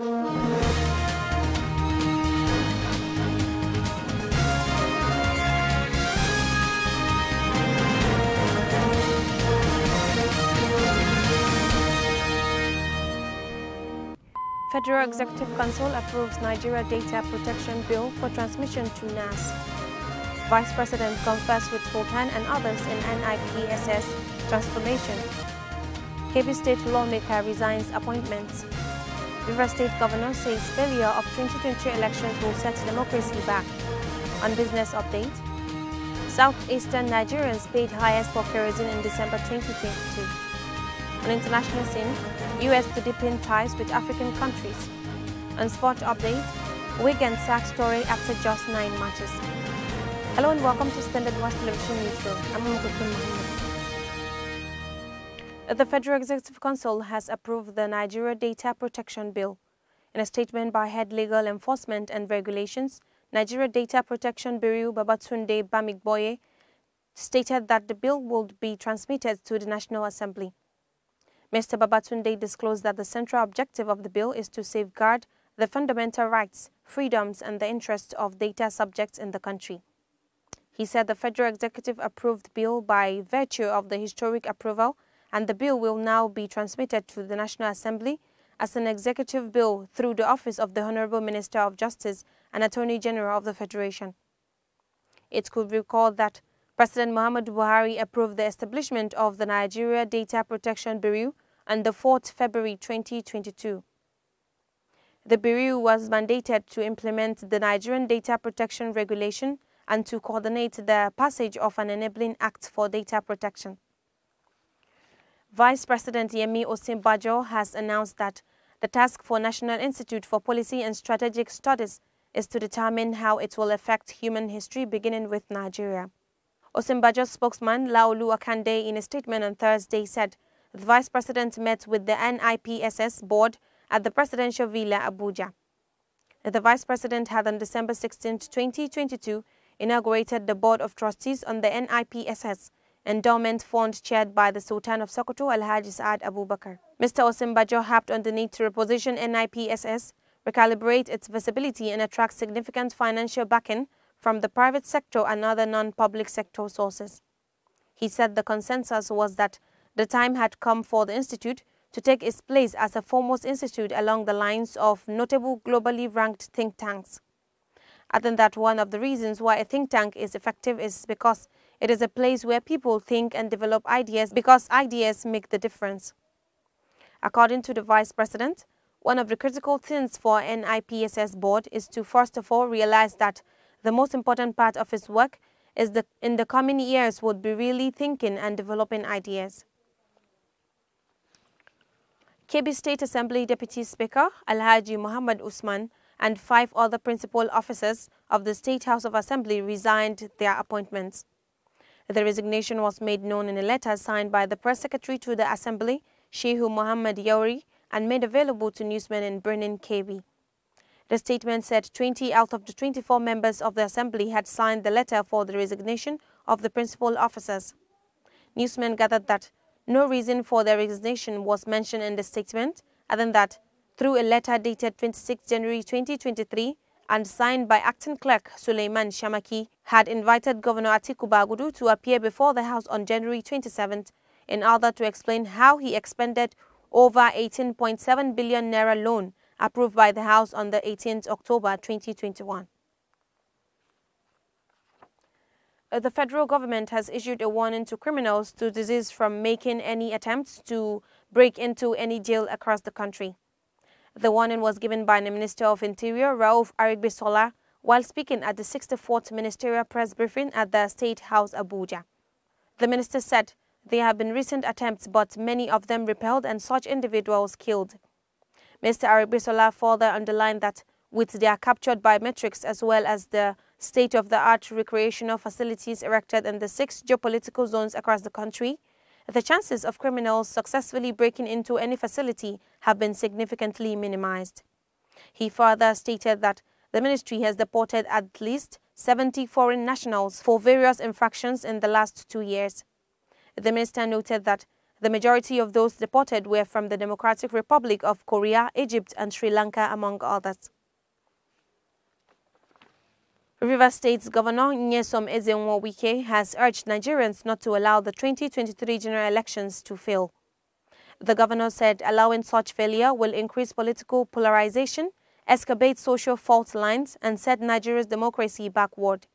Federal Executive Council approves Nigeria Data Protection Bill for transmission to NAS. Vice President confers with Fulton and others in NIPSS transformation. KB State lawmaker resigns appointments. River State Governor says failure of 2020 elections will set democracy back. On business update, Southeastern Nigerians paid highest for kerosene in December 2022. On international scene, US to deepen ties with African countries. On sport update, Wigan sack story after just nine matches. Hello and welcome to Standard West Television Newsroom. I'm the Federal Executive Council has approved the Nigeria Data Protection Bill. In a statement by Head Legal Enforcement and Regulations, Nigeria Data Protection Bureau Babatunde Bamigboye stated that the bill would be transmitted to the National Assembly. Mr. Babatunde disclosed that the central objective of the bill is to safeguard the fundamental rights, freedoms and the interests of data subjects in the country. He said the federal executive approved bill by virtue of the historic approval and the bill will now be transmitted to the National Assembly as an executive bill through the office of the Honorable Minister of Justice and Attorney General of the Federation. It could recall that President Mohamed Buhari approved the establishment of the Nigeria Data Protection Bureau on the 4th February 2022. The Bureau was mandated to implement the Nigerian Data Protection Regulation and to coordinate the passage of an enabling act for data protection. Vice President Yemi Osinbajo has announced that the task for National Institute for Policy and Strategic Studies is to determine how it will affect human history beginning with Nigeria. Osinbajo's spokesman Laolu Akande in a statement on Thursday said the Vice President met with the NIPSS board at the Presidential Villa Abuja. The Vice President had on December 16, 2022, inaugurated the Board of Trustees on the NIPSS endowment fund chaired by the Sultan of Sokoto, Al-Hajj Saad Abu Bakr. Mr. Osimbajo harped on the need to reposition NIPSS, recalibrate its visibility and attract significant financial backing from the private sector and other non-public sector sources. He said the consensus was that the time had come for the institute to take its place as a foremost institute along the lines of notable globally ranked think tanks other than that, one of the reasons why a think tank is effective is because it is a place where people think and develop ideas because ideas make the difference. According to the Vice President, one of the critical things for NIPSS board is to first of all realize that the most important part of his work is that in the coming years would be really thinking and developing ideas. KB State Assembly Deputy Speaker Alhaji Muhammad Usman and five other principal officers of the State House of Assembly resigned their appointments. The resignation was made known in a letter signed by the press secretary to the Assembly, Shehu Mohammed Yauri, and made available to newsmen in Brennan KB. The statement said 20 out of the 24 members of the Assembly had signed the letter for the resignation of the principal officers. Newsmen gathered that no reason for their resignation was mentioned in the statement, other than that through a letter dated 26 January 2023 and signed by acting clerk Suleiman Shamaki, had invited Governor Atiku Bagudu to appear before the House on January 27th in order to explain how he expended over 18.7 billion naira loan approved by the House on the 18th October 2021. Uh, the federal government has issued a warning to criminals to desist from making any attempts to break into any jail across the country. The warning was given by the Minister of Interior, Rauf Arigbisola, while speaking at the 64th Ministerial Press Briefing at the State House Abuja. The minister said there have been recent attempts, but many of them repelled and such individuals killed. Mr. Arigbisola further underlined that with their captured biometrics as well as the state-of-the-art recreational facilities erected in the six geopolitical zones across the country, the chances of criminals successfully breaking into any facility have been significantly minimized. He further stated that the ministry has deported at least 70 foreign nationals for various infractions in the last two years. The minister noted that the majority of those deported were from the Democratic Republic of Korea, Egypt and Sri Lanka, among others. River State's Governor Nyesom Ezenwawike has urged Nigerians not to allow the 2023 general elections to fail. The governor said allowing such failure will increase political polarization, excavate social fault lines, and set Nigeria's democracy backward.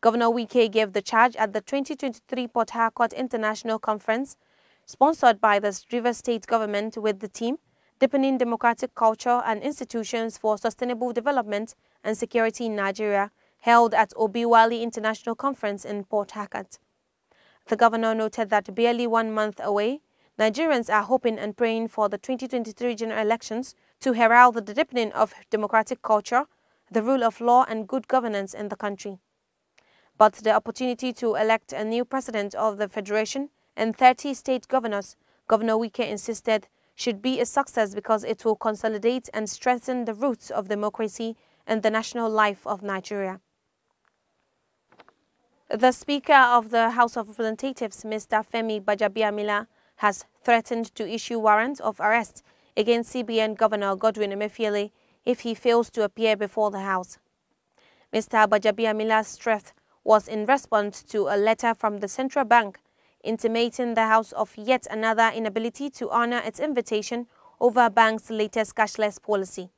Governor Wike gave the charge at the 2023 Port Harcourt International Conference, sponsored by the River State government with the team, Deepening Democratic Culture and Institutions for Sustainable Development and Security in Nigeria, held at Obiwali International Conference in Port Hackett. The governor noted that barely one month away, Nigerians are hoping and praying for the 2023 general elections to herald the deepening of democratic culture, the rule of law and good governance in the country. But the opportunity to elect a new president of the federation and 30 state governors, Governor Wike insisted, should be a success because it will consolidate and strengthen the roots of democracy in the national life of Nigeria. The Speaker of the House of Representatives, Mr. Femi Bajabiamila, has threatened to issue warrants of arrest against CBN Governor Godwin Emefiele if he fails to appear before the House. Mr. Bajabiamila's threat was in response to a letter from the Central Bank intimating the House of yet another inability to honor its invitation over bank's latest cashless policy.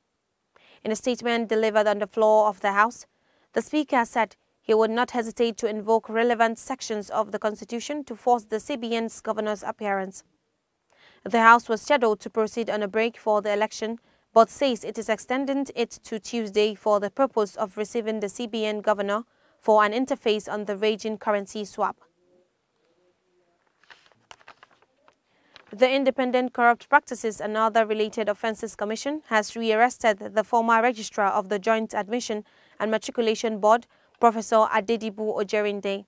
In a statement delivered on the floor of the House, the Speaker said he would not hesitate to invoke relevant sections of the Constitution to force the CBN's governor's appearance. The House was scheduled to proceed on a break for the election, but says it is extending it to Tuesday for the purpose of receiving the CBN governor for an interface on the raging currency swap. The Independent Corrupt Practices and Other Related Offences Commission has rearrested the former registrar of the Joint Admission and Matriculation Board, Professor Adedibu Ojerinde.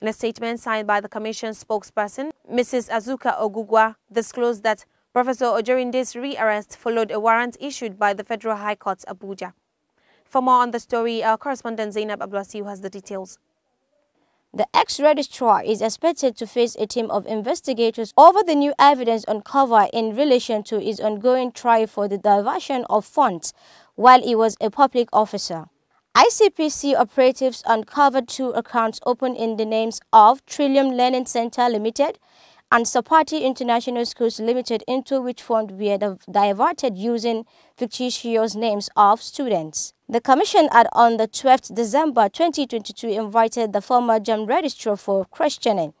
In a statement signed by the Commission spokesperson, Mrs. Azuka Ogugwa disclosed that Professor Ojerinde's rearrest followed a warrant issued by the Federal High Court, Abuja. For more on the story, our correspondent Zainab Ablasiu has the details. The ex-registrar is expected to face a team of investigators over the new evidence uncovered in relation to his ongoing trial for the diversion of funds while he was a public officer. ICPC operatives uncovered two accounts open in the names of Trillium Learning Center Limited and Sapati International Schools Limited into which funds were diverted using fictitious names of students. The Commission had on the 12th December 2022 invited the former Jam Registrar for questioning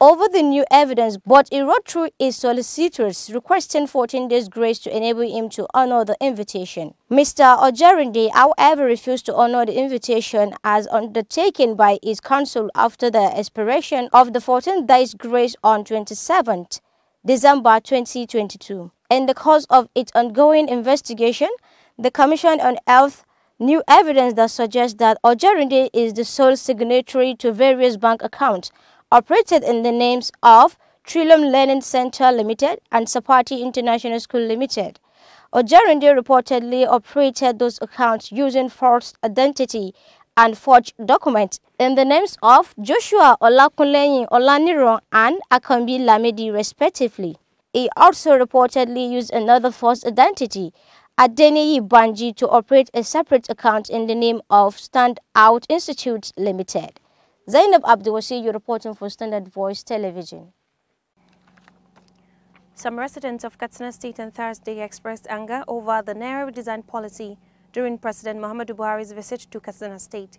over the new evidence, but he wrote through his solicitors requesting 14 days grace to enable him to honor the invitation. Mr. Ojerinde, however, refused to honor the invitation as undertaken by his counsel after the expiration of the 14 days grace on 27 December 2022. In the course of its ongoing investigation, the Commission on Health new evidence that suggests that Ojerinde is the sole signatory to various bank accounts operated in the names of Trilum Learning Center Limited and Sapati International School Limited. Ojarinde reportedly operated those accounts using false identity and forged documents in the names of Joshua Olakunleyin Olaniro and Akambi Lamidi respectively. He also reportedly used another false identity, Adeniyi Banji, to operate a separate account in the name of Standout Institute Limited. Zainab Abdulwasiyu reporting for Standard Voice Television. Some residents of Katsina State on Thursday expressed anger over the narrow design policy during President Muhammadu Buhari's visit to Katsina State.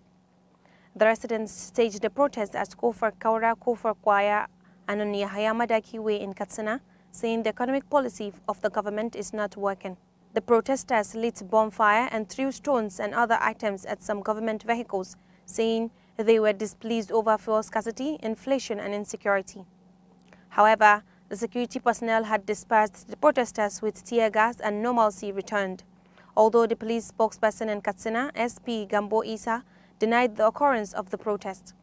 The residents staged a protest at Kofar Kaura Kofar Kwaya and on Yahayama Way in Katsina, saying the economic policy of the government is not working. The protesters lit bonfire and threw stones and other items at some government vehicles, saying they were displeased over fuel scarcity, inflation and insecurity. However, the security personnel had dispersed the protesters with tear gas and normalcy returned. Although the police spokesperson in Katsina, SP Gambo Isa, denied the occurrence of the protest.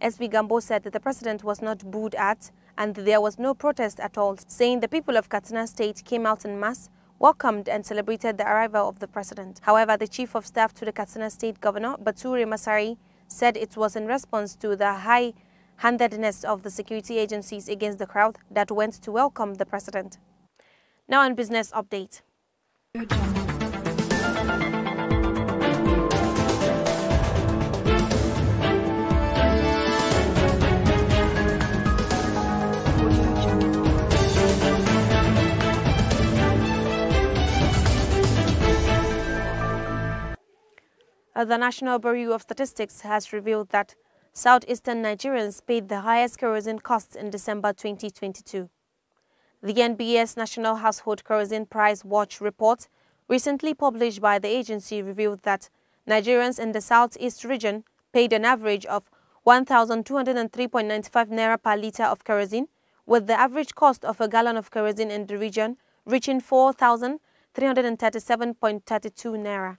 SP Gambo said that the president was not booed at and there was no protest at all, saying the people of Katsina state came out in mass, welcomed and celebrated the arrival of the president. However, the chief of staff to the Katsina state governor, Baturi Masari, said it was in response to the high-handedness of the security agencies against the crowd that went to welcome the president. Now on business update. Uh, the National Bureau of Statistics has revealed that southeastern Nigerians paid the highest kerosene costs in December 2022. The NBS National Household Kerosene Price Watch report, recently published by the agency, revealed that Nigerians in the southeast region paid an average of 1,203.95 naira per litre of kerosene, with the average cost of a gallon of kerosene in the region reaching 4,337.32 naira.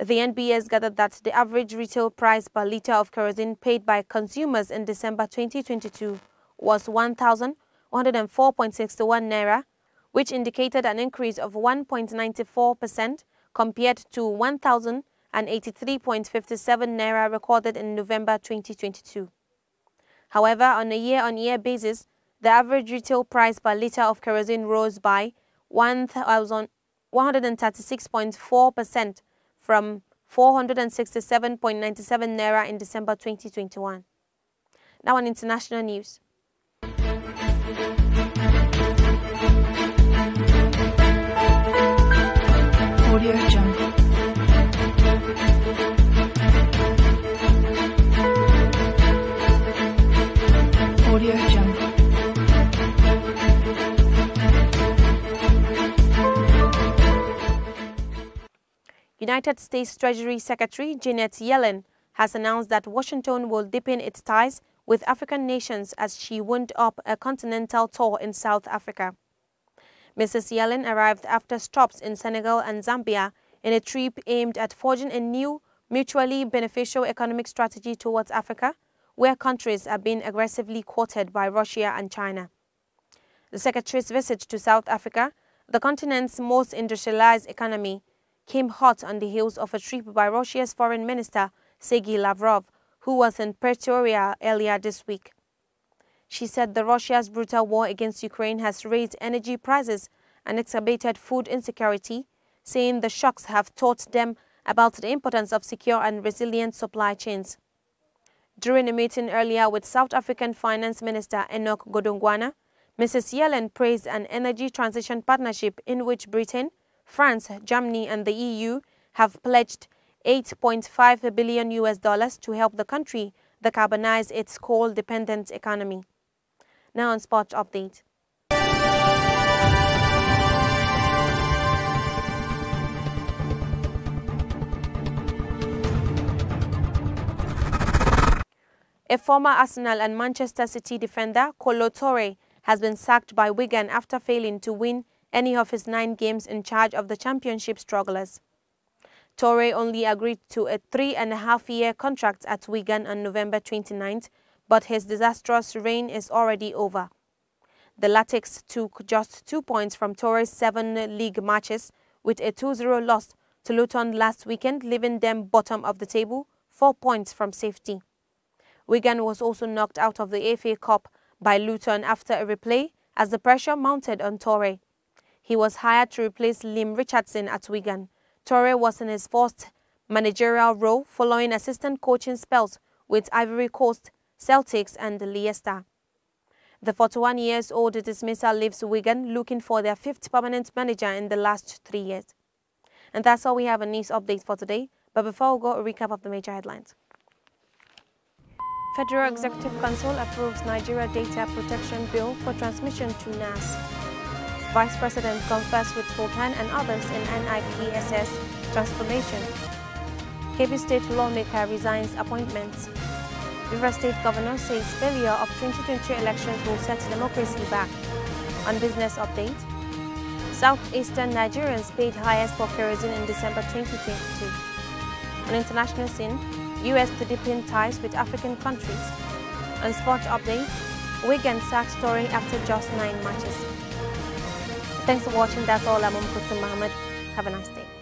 The NBS gathered that the average retail price per litre of kerosene paid by consumers in December 2022 was 1,104.61 naira, which indicated an increase of 1.94% compared to 1,083.57 naira recorded in November 2022. However, on a year-on-year -year basis, the average retail price per litre of kerosene rose by 136.4 percent from 467.97 naira in December 2021. Now on international news. Audio Jungle. Audio Jungle. United States Treasury Secretary Janet Yellen has announced that Washington will deepen its ties with African nations as she wound up a continental tour in South Africa. Mrs. Yellen arrived after stops in Senegal and Zambia in a trip aimed at forging a new, mutually beneficial economic strategy towards Africa, where countries are being aggressively courted by Russia and China. The Secretary's visit to South Africa, the continent's most industrialized economy, came hot on the heels of a trip by Russia's Foreign Minister Sergei Lavrov, who was in Pretoria earlier this week. She said the Russia's brutal war against Ukraine has raised energy prices and exacerbated food insecurity, saying the shocks have taught them about the importance of secure and resilient supply chains. During a meeting earlier with South African Finance Minister Enoch Godongwana, Mrs. Yellen praised an energy transition partnership in which Britain, France, Germany and the EU have pledged 8.5 billion US dollars to help the country decarbonize its coal-dependent economy. Now on Spot Update. A former Arsenal and Manchester City defender, Colo Torre, has been sacked by Wigan after failing to win any of his nine games in charge of the championship strugglers. Torre only agreed to a three-and-a-half-year contract at Wigan on November 29th, but his disastrous reign is already over. The Latics took just two points from Torre's seven league matches with a 2-0 loss to Luton last weekend, leaving them bottom of the table, four points from safety. Wigan was also knocked out of the FA Cup by Luton after a replay as the pressure mounted on Torre. He was hired to replace Lim Richardson at Wigan. Torre was in his first managerial role following assistant coaching spells with Ivory Coast, Celtics and Leicester. The 41 years old dismissal leaves Wigan looking for their fifth permanent manager in the last three years. And that's all we have on news update for today. But before we go, a recap of the major headlines. Federal Executive Council approves Nigeria Data Protection Bill for transmission to NAS. Vice President conversed with Fultan and others in NIPSS transformation. KB State lawmaker resigns appointments. River State governor says failure of 2020 elections will set democracy back. On business update, Southeastern Nigerians paid highest for kerosene in December 2022. On international scene, US to deepen ties with African countries. On sports update, Wigan sack story after just nine matches. Thanks for watching. That's all. I'm Umm Muhammad. Mohammed. Have a nice day.